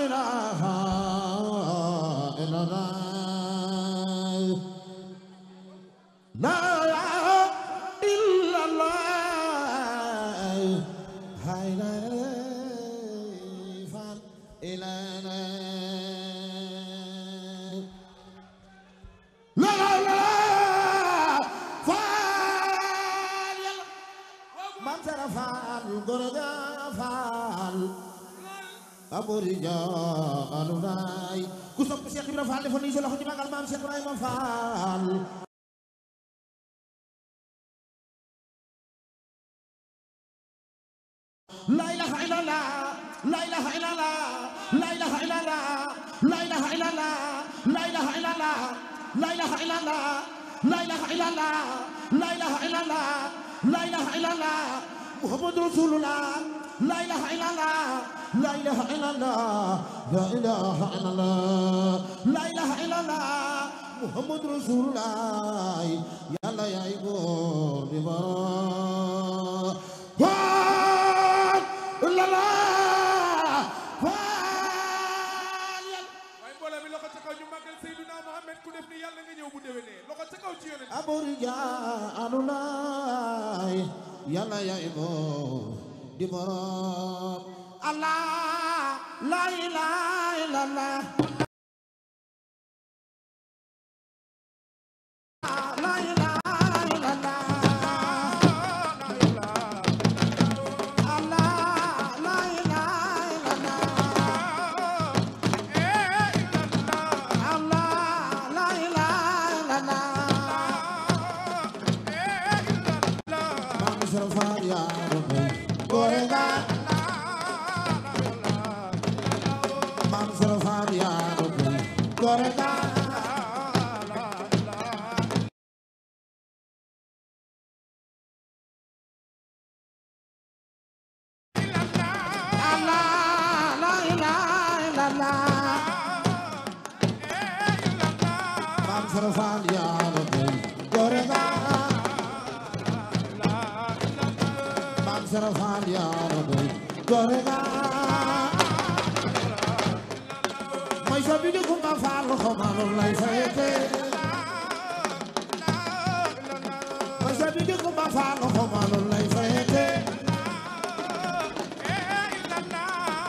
إله إلا الله لا إلا الله هاي لا إلا الله لا لا فعل من ترى فعل فعل aborija alunaay ku sopp Cheikh Ibrahima Fall defoon nañu sa loxo ci magal maam Cheikh Ibrahima Fall لا إله إلا الله لا إله إلا الله لا إله إلا الله لا إله إلا الله لا إله الله لا إله الله لا إله الله لا إله الله لا إله الله محمد رسول الله لا إله إلا الله لا إله إلا الله لا إله إلا الله لا إله إلا الله محمد رسول الله يا الله يا إبو ببرا فات إلا الله فات waaye mbooloo mi loxo ca kaw ñu màggal Seydina Mohamed ku def ni yàlla nga ñëw bu déwénee loxo ca kaw ci yéen. Abu Rijaalulaay yàlla ya Ibou. di boroom Allah la ilaha illallah Sarasanya. mooy soo bi di kumba faal xomaalum lay sayete mooy soo bi di kumba faal xomaalum lay sayete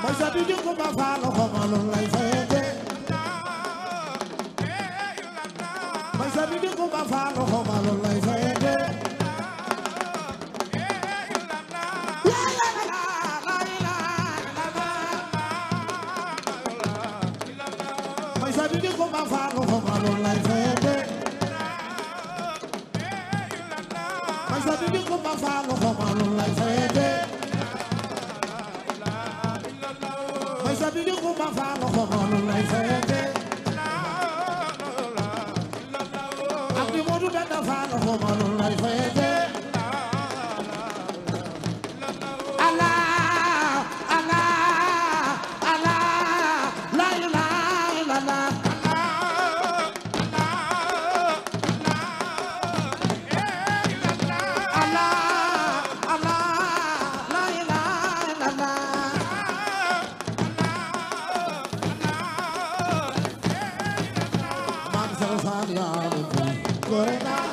mooy soo bi di kumba faal xomaalum lay sabidi ko ma faanu ko ma lool lay feete man sabidi ko ma faanu ko ma lool lay feete man sabidi ko ma faanu ko ma lool lay feete abdi modu danda faanu ko ma lool lay love. Glory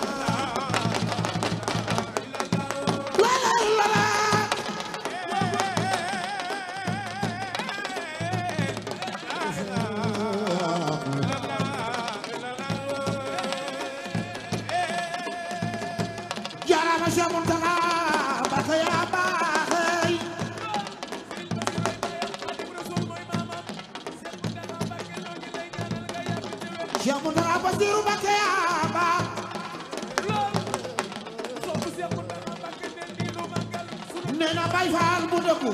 Basiru Mbakke yaa baax nee na Baay Faal bu dëggu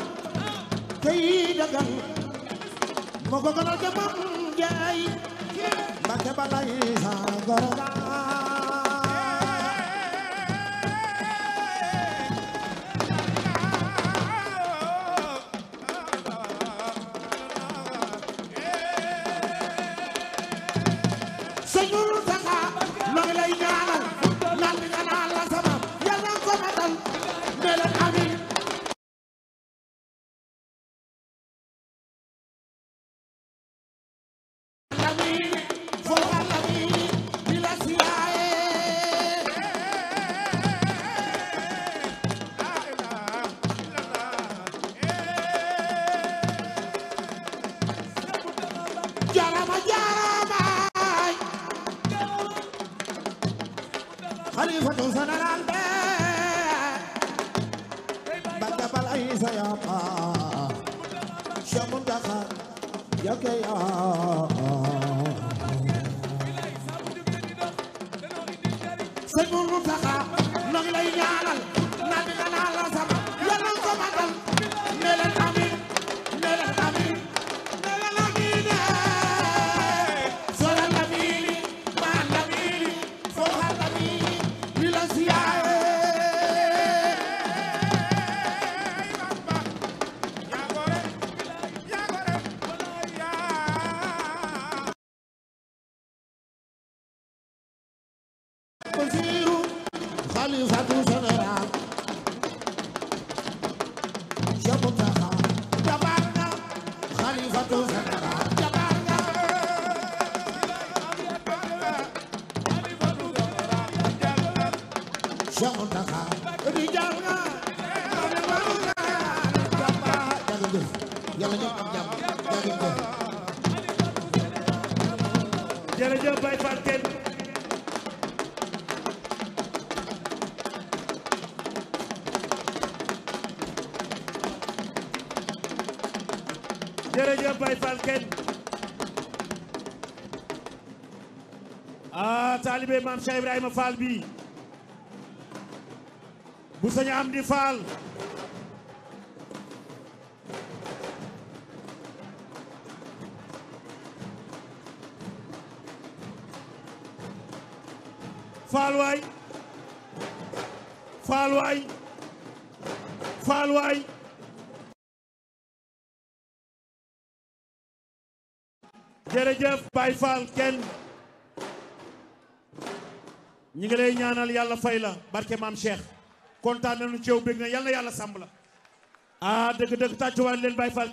tey dagal moo ko gënal te moom jaay Mbakke ba lay sa goro xalifatu général be banda bal ay sa yaqa Cheikh Mountakha yake yaa Sëñ Mountakha noo ngi lay ñaanal na dina la sa Basiru xalifatu général Cheikh Mountakha jabar nga xalifatu général jabar nga xalifatu général Cheikh Mountakha di jar nga xalifatu général jabar jërëjëf yàlla ñu am jàmm jërëjëf jërëjëf Baye Fatel jërëjëf Baye Fall Ken ah taalibe maam Cheikh Ibrahima Fall bi bu sëñ Amdi Fall Fall waay Fall waay Fall waay jërëjëf Baye Fall kenn ñi ngi lay ñaanal yàlla fay la barke maam Cheikh kontaan nañu ci yow bég na yàlla yàlla sàmb la ah dëgg dëgg tàccuwaay leen Baye kenn